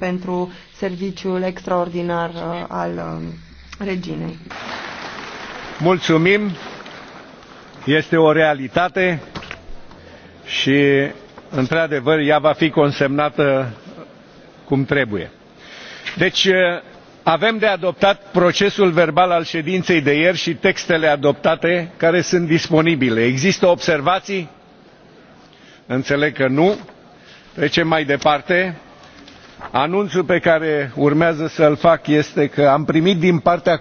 pentru serviciul extraordinar uh, al um, reginei. Mulțumim, este o realitate și, într-adevăr, ea va fi consemnată cum trebuie. Deci, uh, avem de adoptat procesul verbal al ședinței de ieri și textele adoptate care sunt disponibile. Există observații? Înțeleg că nu. Trecem mai departe anunțul pe care urmează să l fac este că am primit din partea consiliului